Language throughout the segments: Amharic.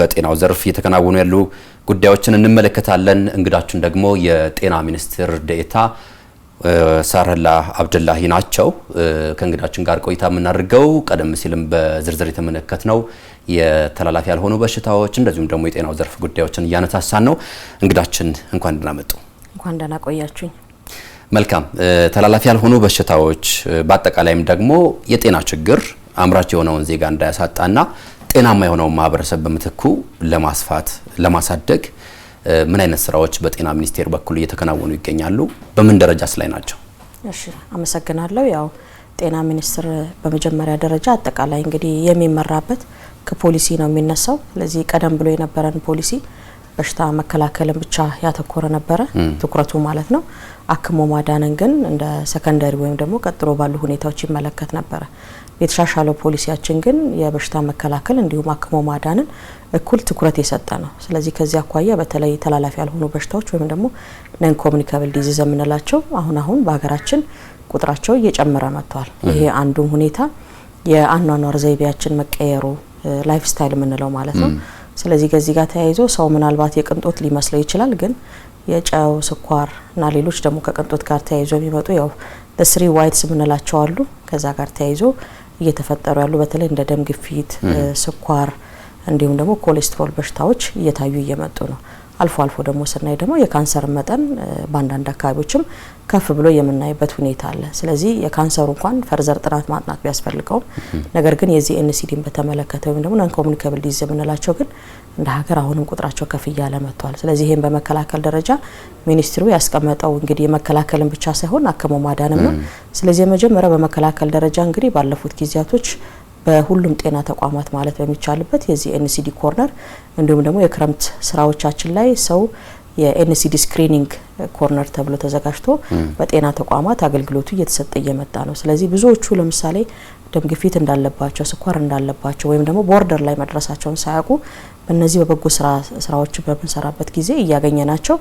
በጤናው ዘርፍ እየተከናወኑ ያሉ ጉዳዮችን እንመለከታለን። እንግዳችን ደግሞ የጤና ሚኒስትር ዴኤታ ሳርህላ አብደላሂ ናቸው። ከእንግዳችን ጋር ቆይታ የምናደርገው ቀደም ሲልም በዝርዝር የተመለከትነው የተላላፊ ያልሆኑ በሽታዎች እንደዚሁም ደግሞ የጤናው ዘርፍ ጉዳዮችን እያነሳሳን ነው። እንግዳችን እንኳን ደህና መጡ። እንኳን ደህና ቆያችሁኝ። መልካም ተላላፊ ያልሆኑ በሽታዎች በአጠቃላይም ደግሞ የጤና ችግር አምራች የሆነውን ዜጋ እንዳያሳጣና ጤናማ የሆነውን ማህበረሰብ በምትኩ ለማስፋት ለማሳደግ ምን አይነት ስራዎች በጤና ሚኒስቴር በኩል እየተከናወኑ ይገኛሉ? በምን ደረጃስ ላይ ናቸው? እሺ፣ አመሰግናለሁ። ያው ጤና ሚኒስቴር በመጀመሪያ ደረጃ አጠቃላይ እንግዲህ የሚመራበት ከፖሊሲ ነው የሚነሳው። ስለዚህ ቀደም ብሎ የነበረን ፖሊሲ በሽታ መከላከልን ብቻ ያተኮረ ነበረ ትኩረቱ ማለት ነው። አክሞ ማዳንን ግን እንደ ሰከንደሪ ወይም ደግሞ ቀጥሎ ባሉ ሁኔታዎች ይመለከት ነበረ። የተሻሻለው ፖሊሲያችን ግን የበሽታ መከላከል እንዲሁም አክሞ ማዳንን እኩል ትኩረት የሰጠ ነው። ስለዚህ ከዚህ አኳያ በተለይ ተላላፊ ያልሆኑ በሽታዎች ወይም ደግሞ ነን ኮሚኒካብል ዲዚዝ የምንላቸው አሁን አሁን በሀገራችን ቁጥራቸው እየጨመረ መጥቷል። ይሄ አንዱም ሁኔታ የአኗኗር ዘይቤያችን መቀየሩ ላይፍ ስታይል የምንለው ማለት ነው ስለዚህ ከዚህ ጋር ተያይዞ ሰው ምናልባት የቅንጦት ሊመስለው ይችላል። ግን የጨው ስኳር እና ሌሎች ደግሞ ከቅንጦት ጋር ተያይዞ የሚመጡ ያው ስሪ ዋይትስ የምንላቸው አሉ። ከዛ ጋር ተያይዞ እየተፈጠሩ ያሉ በተለይ እንደ ደም ግፊት፣ ስኳር እንዲሁም ደግሞ ኮሌስትሮል በሽታዎች እየታዩ እየመጡ ነው። አልፎ አልፎ ደግሞ ስናይ ደግሞ የካንሰር መጠን በአንዳንድ አካባቢዎችም ከፍ ብሎ የምናይበት ሁኔታ አለ። ስለዚህ የካንሰሩ እንኳን ፈርዘር ጥናት ማጥናት ቢያስፈልገውም ነገር ግን የዚህ ኤንሲዲን በተመለከተ ወይም ደግሞ ናን ኮሚኒካብል ዲዝ የምንላቸው ግን እንደ ሀገር አሁንም ቁጥራቸው ከፍ እያለ መጥቷል። ስለዚህ ይህን በመከላከል ደረጃ ሚኒስትሩ ያስቀመጠው እንግዲህ የመከላከልን ብቻ ሳይሆን አክሞ ማዳንም ነው። ስለዚህ የመጀመሪያው በመከላከል ደረጃ እንግዲህ ባለፉት ጊዜያቶች በሁሉም ጤና ተቋማት ማለት በሚቻልበት የዚህ ኤንሲዲ ኮርነር እንዲሁም ደግሞ የክረምት ስራዎቻችን ላይ ሰው የኤንሲዲ ስክሪኒንግ ኮርነር ተብሎ ተዘጋጅቶ በጤና ተቋማት አገልግሎቱ እየተሰጠ እየመጣ ነው። ስለዚህ ብዙዎቹ ለምሳሌ ደም ግፊት እንዳለባቸው፣ ስኳር እንዳለባቸው ወይም ደግሞ ቦርደር ላይ መድረሳቸውን ሳያውቁ በእነዚህ በበጎ ስራዎች በምንሰራበት ጊዜ እያገኘናቸው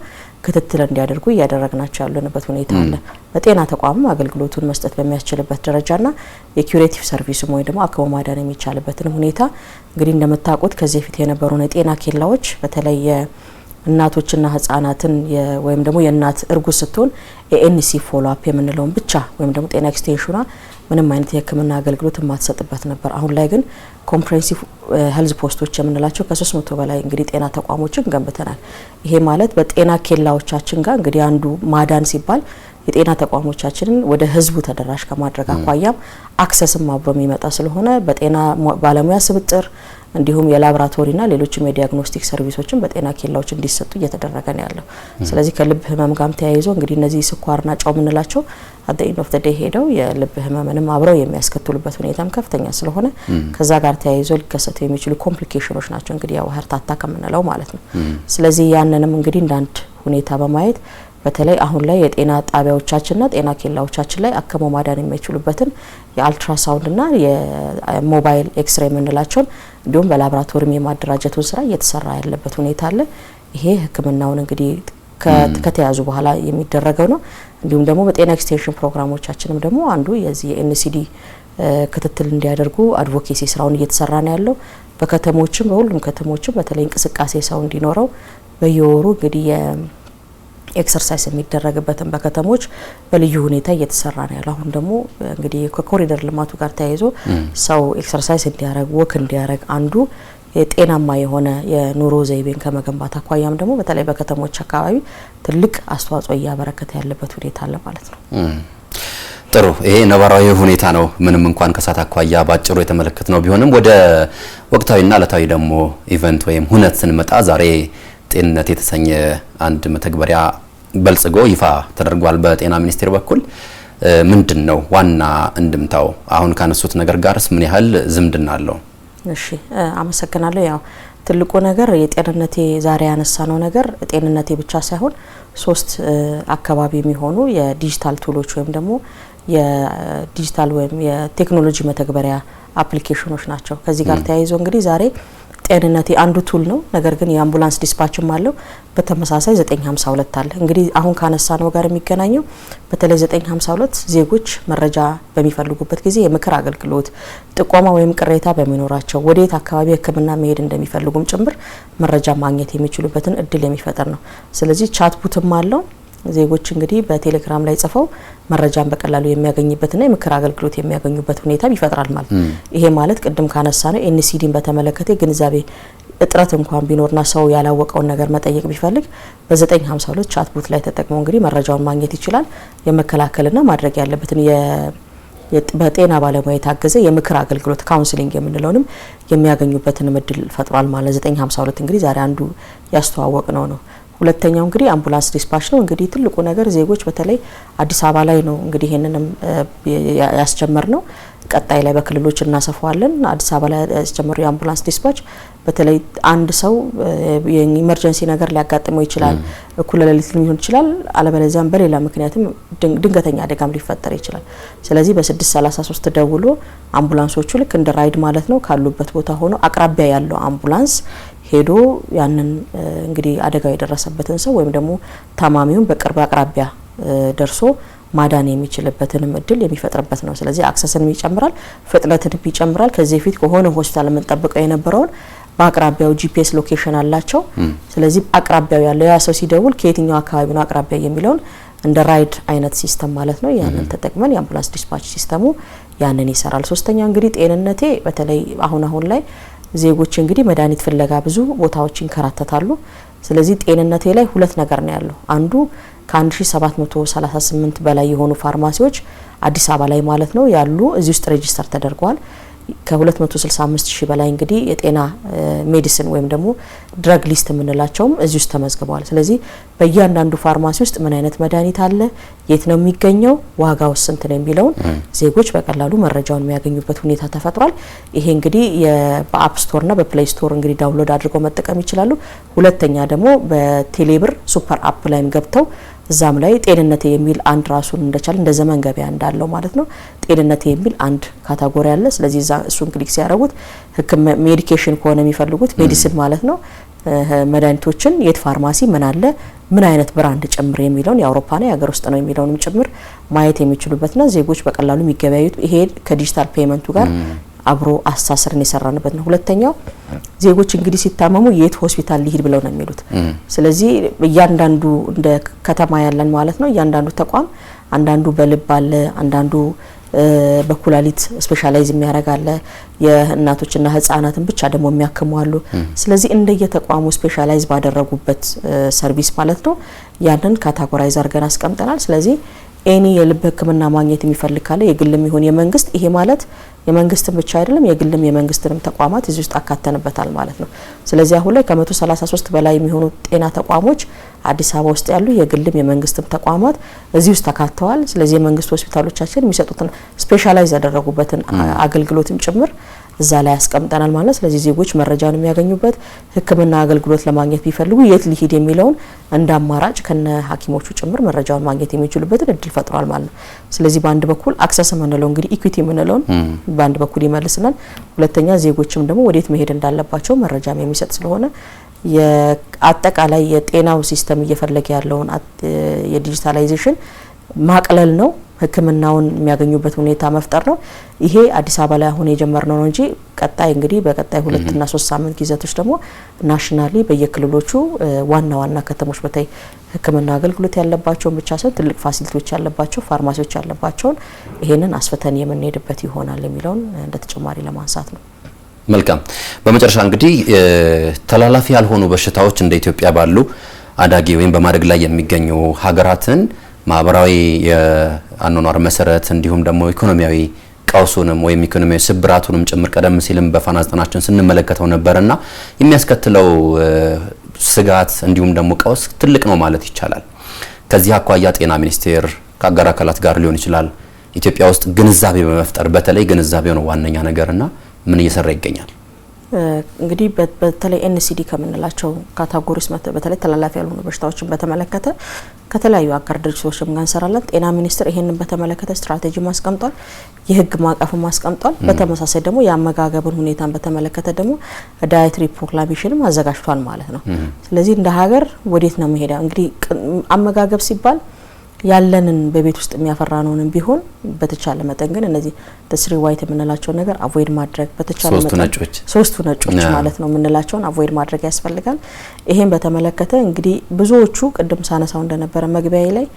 ክትትል እንዲያደርጉ እያደረግናቸው ያለንበት ሁኔታ አለ። በጤና ተቋምም አገልግሎቱን መስጠት በሚያስችልበት ደረጃና የኪሬቲቭ ሰርቪሱም ወይም ደግሞ አክቦ ማዳን የሚቻልበትን ሁኔታ እንግዲህ እንደምታውቁት ከዚህ በፊት የነበሩን የጤና ኬላዎች በተለይ እናቶችና ህጻናትን ወይም ደግሞ የእናት እርጉዝ ስትሆን ኤኤንሲ ፎሎአፕ የምንለውን ብቻ ወይም ደግሞ ጤና ኤክስቴንሽኗ ምንም አይነት የህክምና አገልግሎት የማትሰጥበት ነበር። አሁን ላይ ግን ኮምፕሬንሲቭ ሄልዝ ፖስቶች የምንላቸው ከሶስት መቶ በላይ እንግዲህ ጤና ተቋሞችን ገንብተናል። ይሄ ማለት በጤና ኬላዎቻችን ጋር እንግዲህ አንዱ ማዳን ሲባል የጤና ተቋሞቻችንን ወደ ህዝቡ ተደራሽ ከማድረግ አኳያም አክሰስም አብሮ የሚመጣ ስለሆነ በጤና ባለሙያ ስብጥር እንዲሁም የላብራቶሪና ሌሎችም የዲያግኖስቲክ ሰርቪሶችን በጤና ኬላዎች እንዲሰጡ እየተደረገ ነው ያለው። ስለዚህ ከልብ ህመም ጋር ተያይዞ እንግዲህ እነዚህ ስኳርና ጨው የምንላቸው አደ ኢንድ ኦፍ ሄደው የልብ ህመምንም አብረው የሚያስከትሉበት ሁኔታም ከፍተኛ ስለሆነ ከዛ ጋር ተያይዞ ሊከሰቱ የሚችሉ ኮምፕሊኬሽኖች ናቸው እንግዲህ ያው ሀርት አታክ ከምንለው ማለት ነው። ስለዚህ ያንንም እንግዲህ እንዳንድ ሁኔታ በማየት በተለይ አሁን ላይ የጤና ጣቢያዎቻችንና ጤና ኬላዎቻችን ላይ አክሞ ማዳን የሚችሉበትን የአልትራሳውንድና የሞባይል ኤክስሬ የምንላቸውን እንዲሁም በላቦራቶሪም የማደራጀቱን ስራ እየተሰራ ያለበት ሁኔታ አለ። ይሄ ሕክምናውን እንግዲህ ከተያዙ በኋላ የሚደረገው ነው። እንዲሁም ደግሞ በጤና ኤክስቴንሽን ፕሮግራሞቻችንም ደግሞ አንዱ የዚህ የኤንሲዲ ክትትል እንዲያደርጉ አድቮኬሲ ስራውን እየተሰራ ነው ያለው። በከተሞችም በሁሉም ከተሞችም በተለይ እንቅስቃሴ ሰው እንዲኖረው በየወሩ እንግዲህ ኤክሰርሳይዝ የሚደረግበትን በከተሞች በልዩ ሁኔታ እየተሰራ ነው ያለው። አሁን ደግሞ እንግዲህ ከኮሪደር ልማቱ ጋር ተያይዞ ሰው ኤክሰርሳይዝ እንዲያደረግ ወክ እንዲያደረግ አንዱ ጤናማ የሆነ የኑሮ ዘይቤን ከመገንባት አኳያም ደግሞ በተለይ በከተሞች አካባቢ ትልቅ አስተዋጽኦ እያበረከተ ያለበት ሁኔታ አለ ማለት ነው። ጥሩ ይሄ ነባራዊ ሁኔታ ነው። ምንም እንኳን ከሳት አኳያ ባጭሩ የተመለከት ነው ቢሆንም ወደ ወቅታዊና እለታዊ ደግሞ ኢቨንት ወይም ሁነት ስንመጣ ዛሬ ጤንነት የተሰኘ አንድ መተግበሪያ በልጽጎ ይፋ ተደርጓል በጤና ሚኒስቴር በኩል። ምንድን ነው ዋና እንድምታው? አሁን ካነሱት ነገር ጋርስ ምን ያህል ዝምድና አለው? እሺ አመሰግናለሁ። ያው ትልቁ ነገር የጤንነቴ ዛሬ ያነሳ ነው ነገር ጤንነቴ ብቻ ሳይሆን ሶስት አካባቢ የሚሆኑ የዲጂታል ቱሎች ወይም ደግሞ የዲጂታል ወይም የቴክኖሎጂ መተግበሪያ አፕሊኬሽኖች ናቸው። ከዚህ ጋር ተያይዞ እንግዲህ ዛሬ ጤንነቴ አንዱ ቱል ነው። ነገር ግን የአምቡላንስ ዲስፓችም አለው። በተመሳሳይ 952 አለ። እንግዲህ አሁን ካነሳ ነው ጋር የሚገናኘው በተለይ 952 ዜጎች መረጃ በሚፈልጉበት ጊዜ የምክር አገልግሎት ጥቆማ ወይም ቅሬታ በሚኖራቸው ወደየት አካባቢ ሕክምና መሄድ እንደሚፈልጉም ጭምር መረጃ ማግኘት የሚችሉበትን እድል የሚፈጥር ነው። ስለዚህ ቻትቡትም አለው ዜጎች እንግዲህ በቴሌግራም ላይ ጽፈው መረጃን በቀላሉ የሚያገኝበትና የምክር አገልግሎት የሚያገኙበት ሁኔታ ይፈጥራል ማለት ነው። ይሄ ማለት ቅድም ካነሳ ነው ኤንሲዲን በተመለከተ ግንዛቤ እጥረት እንኳን ቢኖርና ሰው ያላወቀውን ነገር መጠየቅ ቢፈልግ በ952 ቻትቦት ላይ ተጠቅሞ እንግዲህ መረጃውን ማግኘት ይችላል። የመከላከልና ማድረግ ያለበትን በጤና ባለሙያ የታገዘ የምክር አገልግሎት ካውንስሊንግ የምንለውንም የሚያገኙበትን እድል ፈጥሯል ማለት 952 እንግዲህ ዛሬ አንዱ ያስተዋወቅ ነው ነው ሁለተኛው እንግዲህ አምቡላንስ ዲስፓች ነው። እንግዲህ ትልቁ ነገር ዜጎች በተለይ አዲስ አበባ ላይ ነው እንግዲህ ይህንንም ያስጀመር ነው። ቀጣይ ላይ በክልሎች እናሰፋዋለን። አዲስ አበባ ላይ ያስጀመሩ የአምቡላንስ ዲስፓች በተለይ አንድ ሰው የኢመርጀንሲ ነገር ሊያጋጥመው ይችላል፣ እኩለ ሌሊት ሊሆን ይችላል፣ አለበለዚያም በሌላ ምክንያትም ድንገተኛ አደጋም ሊፈጠር ይችላል። ስለዚህ በስድስት ሰላሳ ሶስት ደውሎ አምቡላንሶቹ ልክ እንደ ራይድ ማለት ነው ካሉበት ቦታ ሆኖ አቅራቢያ ያለው አምቡላንስ ሄዶ ያንን እንግዲህ አደጋው የደረሰበትን ሰው ወይም ደግሞ ታማሚውን በቅርብ አቅራቢያ ደርሶ ማዳን የሚችልበትንም እድል የሚፈጥርበት ነው። ስለዚህ አክሰስንም ይጨምራል፣ ፍጥነትንም ይጨምራል። ከዚህ በፊት ከሆነ ሆስፒታል የምንጠብቀው የነበረውን በአቅራቢያው ጂፒኤስ ሎኬሽን አላቸው። ስለዚህ አቅራቢያው ያለው ያ ሰው ሲደውል ከየትኛው አካባቢ ነው አቅራቢያ የሚለውን እንደ ራይድ አይነት ሲስተም ማለት ነው። ያንን ተጠቅመን የአምቡላንስ ዲስፓች ሲስተሙ ያንን ይሰራል። ሶስተኛ እንግዲህ ጤንነቴ በተለይ አሁን አሁን ላይ ዜጎች እንግዲህ መድኃኒት ፍለጋ ብዙ ቦታዎች ይንከራተታሉ። ስለዚህ ጤንነቴ ላይ ሁለት ነገር ነው ያለው። አንዱ ከ1738 በላይ የሆኑ ፋርማሲዎች አዲስ አበባ ላይ ማለት ነው ያሉ እዚህ ውስጥ ሬጅስተር ተደርገዋል። ከ265 ሺህ በላይ እንግዲህ የጤና ሜዲሲን ወይም ደግሞ ድረግ ሊስት የምንላቸውም እዚህ ውስጥ ተመዝግበዋል። ስለዚህ በእያንዳንዱ ፋርማሲ ውስጥ ምን አይነት መድኃኒት አለ፣ የት ነው የሚገኘው፣ ዋጋው ስንት ነው የሚለውን ዜጎች በቀላሉ መረጃውን የሚያገኙበት ሁኔታ ተፈጥሯል። ይሄ እንግዲህ በአፕ ስቶርና በፕሌይ ስቶር እንግዲህ ዳውንሎድ አድርገው መጠቀም ይችላሉ። ሁለተኛ ደግሞ በቴሌብር ሱፐር አፕ ላይም ገብተው እዛም ላይ ጤንነቴ የሚል አንድ ራሱን እንደቻለ እንደ ዘመን ገበያ እንዳለው ማለት ነው ጤንነቴ የሚል አንድ ካታጎሪ አለ። ስለዚህ እሱን ክሊክ ሲያደርጉት ሜዲኬሽን ከሆነ የሚፈልጉት ሜዲሲን ማለት ነው መድኃኒቶችን የት ፋርማሲ ምን አለ ምን አይነት ብራንድ ጭምር የሚለውን የአውሮፓ ነው የሀገር ውስጥ ነው የሚለውንም ጭምር ማየት የሚችሉበትና ዜጎች በቀላሉ የሚገበያዩት ይሄ ከዲጂታል ፔመንቱ ጋር አብሮ አሳስርን የሰራንበት ነው። ሁለተኛው ዜጎች እንግዲህ ሲታመሙ የት ሆስፒታል ሊሄድ ብለው ነው የሚሉት። ስለዚህ እያንዳንዱ እንደ ከተማ ያለን ማለት ነው እያንዳንዱ ተቋም አንዳንዱ በልብ አለ፣ አንዳንዱ በኩላሊት ስፔሻላይዝ የሚያደርግ አለ። የእናቶችና ህጻናትን ብቻ ደግሞ የሚያክሙ አሉ። ስለዚህ እንደየተቋሙ ስፔሻላይዝ ባደረጉበት ሰርቪስ ማለት ነው ያንን ካታጎራይዝ አድርገን አስቀምጠናል። ስለዚህ ኤኒ የልብ ህክምና ማግኘት የሚፈልግ ካለ የግልም ይሁን የመንግስት፣ ይሄ ማለት የመንግስትን ብቻ አይደለም የግልም የመንግስትንም ተቋማት እዚህ ውስጥ አካተንበታል ማለት ነው። ስለዚህ አሁን ላይ ከ133 በላይ የሚሆኑ ጤና ተቋሞች አዲስ አበባ ውስጥ ያሉ የግልም የመንግስትም ተቋማት እዚህ ውስጥ ተካተዋል። ስለዚህ የመንግስት ሆስፒታሎቻችን የሚሰጡትን ስፔሻላይዝ ያደረጉበትን አገልግሎትም ጭምር እዛ ላይ ያስቀምጠናል ማለት። ስለዚህ ዜጎች መረጃን የሚያገኙበት ሕክምና አገልግሎት ለማግኘት ቢፈልጉ የት ሊሄድ የሚለውን እንደ አማራጭ ከነ ሐኪሞቹ ጭምር መረጃውን ማግኘት የሚችሉበትን እድል ፈጥሯል ማለት ነው። ስለዚህ በአንድ በኩል አክሰስ የምንለው እንግዲህ ኢኩዊቲ የምንለውን በአንድ በኩል ይመልስናል። ሁለተኛ ዜጎችም ደግሞ ወዴት መሄድ እንዳለባቸው መረጃም የሚሰጥ ስለሆነ የአጠቃላይ የጤናው ሲስተም እየፈለገ ያለውን የዲጂታላይዜሽን ማቅለል ነው። ህክምናውን የሚያገኙበት ሁኔታ መፍጠር ነው። ይሄ አዲስ አበባ ላይ አሁን የጀመርነው ነው እንጂ ቀጣይ እንግዲህ በቀጣይ ሁለትና ሶስት ሳምንት ጊዜቶች ደግሞ ናሽናሊ በየክልሎቹ ዋና ዋና ከተሞች በተለይ ህክምና አገልግሎት ያለባቸውን ብቻ ሳይሆን ትልቅ ፋሲሊቲዎች ያለባቸው ፋርማሲዎች ያለባቸውን ይሄንን አስፈተን የምንሄድበት ይሆናል የሚለውን እንደ ተጨማሪ ለማንሳት ነው። መልካም። በመጨረሻ እንግዲህ ተላላፊ ያልሆኑ በሽታዎች እንደ ኢትዮጵያ ባሉ አዳጊ ወይም በማደግ ላይ የሚገኙ ሀገራትን ማህበራዊ የአኗኗር መሰረት እንዲሁም ደግሞ ኢኮኖሚያዊ ቀውሱንም ወይም ኢኮኖሚያዊ ስብራቱንም ጭምር ቀደም ሲልም በፋና ዘጠናችን ስንመለከተው ነበርና የሚያስከትለው ስጋት እንዲሁም ደግሞ ቀውስ ትልቅ ነው ማለት ይቻላል። ከዚህ አኳያ ጤና ሚኒስቴር ከአጋር አካላት ጋር ሊሆን ይችላል ኢትዮጵያ ውስጥ ግንዛቤ በመፍጠር በተለይ ግንዛቤ ነው ዋነኛ ነገርና ምን እየሰራ ይገኛል? እንግዲህ በተለይ ኤንሲዲ ከምንላቸው ካታጎሪስ በተለይ ተላላፊ ያልሆኑ በሽታዎችን በተመለከተ ከተለያዩ አጋር ድርጅቶችም ጋር እንሰራለን። ጤና ሚኒስቴር ይሄንን በተመለከተ ስትራቴጂ አስቀምጧል፣ የህግ ማቀፍ አስቀምጧል። በተመሳሳይ ደግሞ የአመጋገብን ሁኔታን በተመለከተ ደግሞ ዳይትሪ ፕሮክላሜሽንም አዘጋጅቷል ማለት ነው። ስለዚህ እንደ ሀገር ወዴት ነው መሄዳ እንግዲህ አመጋገብ ሲባል ያለንን በቤት ውስጥ የሚያፈራ ነውንም ቢሆን በተቻለ መጠን ግን እነዚህ ስሪ ዋይት የምንላቸውን ነገር አቮይድ ማድረግ በተቻለ መጠን ሶስቱ ነጮች ማለት ነው የምንላቸውን አቮይድ ማድረግ ያስፈልጋል። ይሄን በተመለከተ እንግዲህ ብዙዎቹ ቅድም ሳነሳው እንደነበረ መግቢያዬ ላይ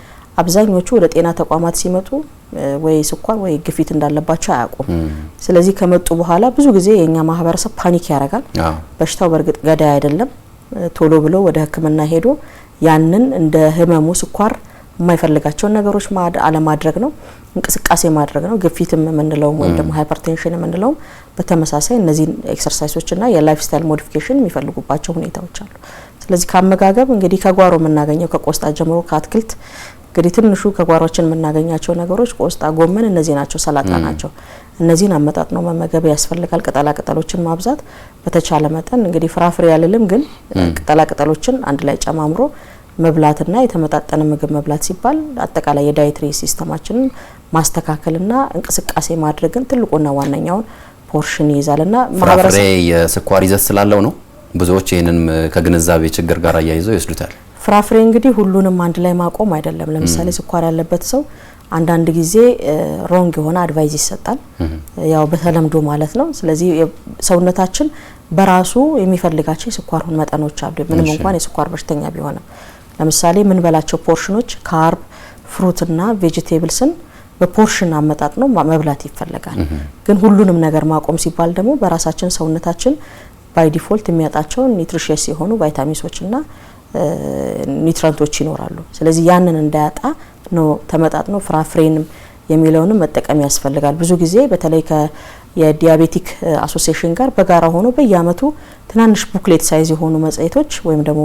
አብዛኞቹ ወደ ጤና ተቋማት ሲመጡ ወይ ስኳር ወይ ግፊት እንዳለባቸው አያውቁም። ስለዚህ ከመጡ በኋላ ብዙ ጊዜ የእኛ ማህበረሰብ ፓኒክ ያደርጋል። በሽታው በእርግጥ ገዳይ አይደለም። ቶሎ ብሎ ወደ ሕክምና ሄዶ ያንን እንደ ህመሙ ስኳር የማይፈልጋቸውን ነገሮች አለማድረግ ነው፣ እንቅስቃሴ ማድረግ ነው። ግፊትም የምንለውም ወይም ደግሞ ሃይፐርቴንሽን የምንለውም በተመሳሳይ እነዚህን ኤክሰርሳይሶችና የላይፍ ስታይል ሞዲፊኬሽን የሚፈልጉባቸው ሁኔታዎች አሉ። ስለዚህ ከአመጋገብ እንግዲህ ከጓሮ የምናገኘው ከቆስጣ ጀምሮ ከአትክልት እንግዲህ ትንሹ ከጓሯችን የምናገኛቸው ነገሮች ቆስጣ፣ ጎመን እነዚህ ናቸው፣ ሰላጣ ናቸው። እነዚህን አመጣጥኖ መመገብ ያስፈልጋል። ቅጠሎችን ማብዛት በተቻለ መጠን እንግዲህ ፍራፍሬ ያልልም፣ ግን ቅጠሎችን አንድ ላይ ጨማምሮ መብላትና የተመጣጠነ ምግብ መብላት ሲባል አጠቃላይ የዳይትሪ ሲስተማችንን ማስተካከልና እንቅስቃሴ ማድረግን ትልቁና ዋነኛውን ፖርሽን ይይዛልና ፍራፍሬ የስኳር ይዘት ስላለው ነው። ብዙዎች ይህንን ከግንዛቤ ችግር ጋር አያይዘው ይወስዱታል። ፍራፍሬ እንግዲህ ሁሉንም አንድ ላይ ማቆም አይደለም። ለምሳሌ ስኳር ያለበት ሰው አንዳንድ ጊዜ ሮንግ የሆነ አድቫይዝ ይሰጣል፣ ያው በተለምዶ ማለት ነው። ስለዚህ ሰውነታችን በራሱ የሚፈልጋቸው የስኳር መጠኖች አሉ፣ ምንም እንኳን የስኳር በሽተኛ ቢሆንም ለምሳሌ የምንበላቸው ፖርሽኖች ካርብ ፍሩትና ቬጅቴብልስን በፖርሽን አመጣጥ ነው መብላት ይፈለጋል። ግን ሁሉንም ነገር ማቆም ሲባል ደግሞ በራሳችን ሰውነታችን ባይ ዲፎልት የሚያጣቸው ኒትሪሽስ የሆኑ ቫይታሚንሶችና ኒትረንቶች ይኖራሉ። ስለዚህ ያንን እንዳያጣ ነው ተመጣጥኖ ፍራፍሬን የሚለውንም መጠቀም ያስፈልጋል። ብዙ ጊዜ በተለይ የዲያቤቲክ አሶሲሽን ጋር በጋራ ሆኖ በየአመቱ ትናንሽ ቡክሌት ሳይዝ የሆኑ መጽሄቶች ወይም ደግሞ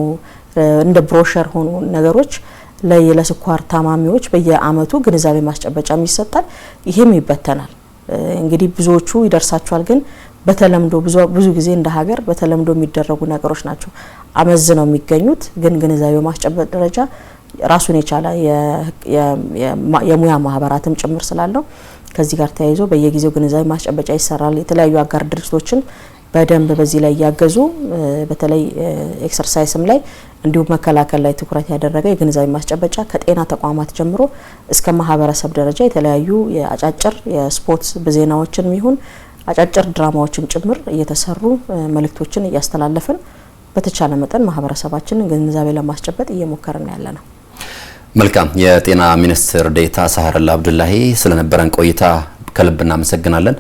እንደ ብሮሸር ሆኑ ነገሮች ለስኳር ታማሚዎች በየአመቱ ግንዛቤ ማስጨበጫም ይሰጣል። ይሄም ይበተናል። እንግዲህ ብዙዎቹ ይደርሳቸዋል፣ ግን በተለምዶ ብዙ ጊዜ እንደ ሀገር በተለምዶ የሚደረጉ ነገሮች ናቸው አመዝ ነው የሚገኙት። ግን ግንዛቤ ማስጨበጥ ደረጃ ራሱን የቻለ የሙያ ማህበራትም ጭምር ስላለው ከዚህ ጋር ተያይዞ በየጊዜው ግንዛቤ ማስጨበጫ ይሰራል። የተለያዩ አጋር ድርጅቶችን በደንብ በዚህ ላይ እያገዙ በተለይ ኤክሰርሳይስም ላይ እንዲሁም መከላከል ላይ ትኩረት ያደረገ የግንዛቤ ማስጨበጫ ከጤና ተቋማት ጀምሮ እስከ ማህበረሰብ ደረጃ የተለያዩ የአጫጭር የስፖርት ዜናዎችንም ይሁን አጫጭር ድራማዎችም ጭምር እየተሰሩ መልእክቶችን እያስተላለፍን በተቻለ መጠን ማህበረሰባችን ግንዛቤ ለማስጨበጥ እየሞከርን ያለ ነው። መልካም። የጤና ሚኒስትር ዴታ ሳህረላ አብዱላሂ ስለነበረን ቆይታ ከልብ እናመሰግናለን።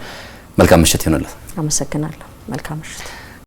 መልካም ምሽት ይሆንልን። አመሰግናለሁ። መልካም ምሽት።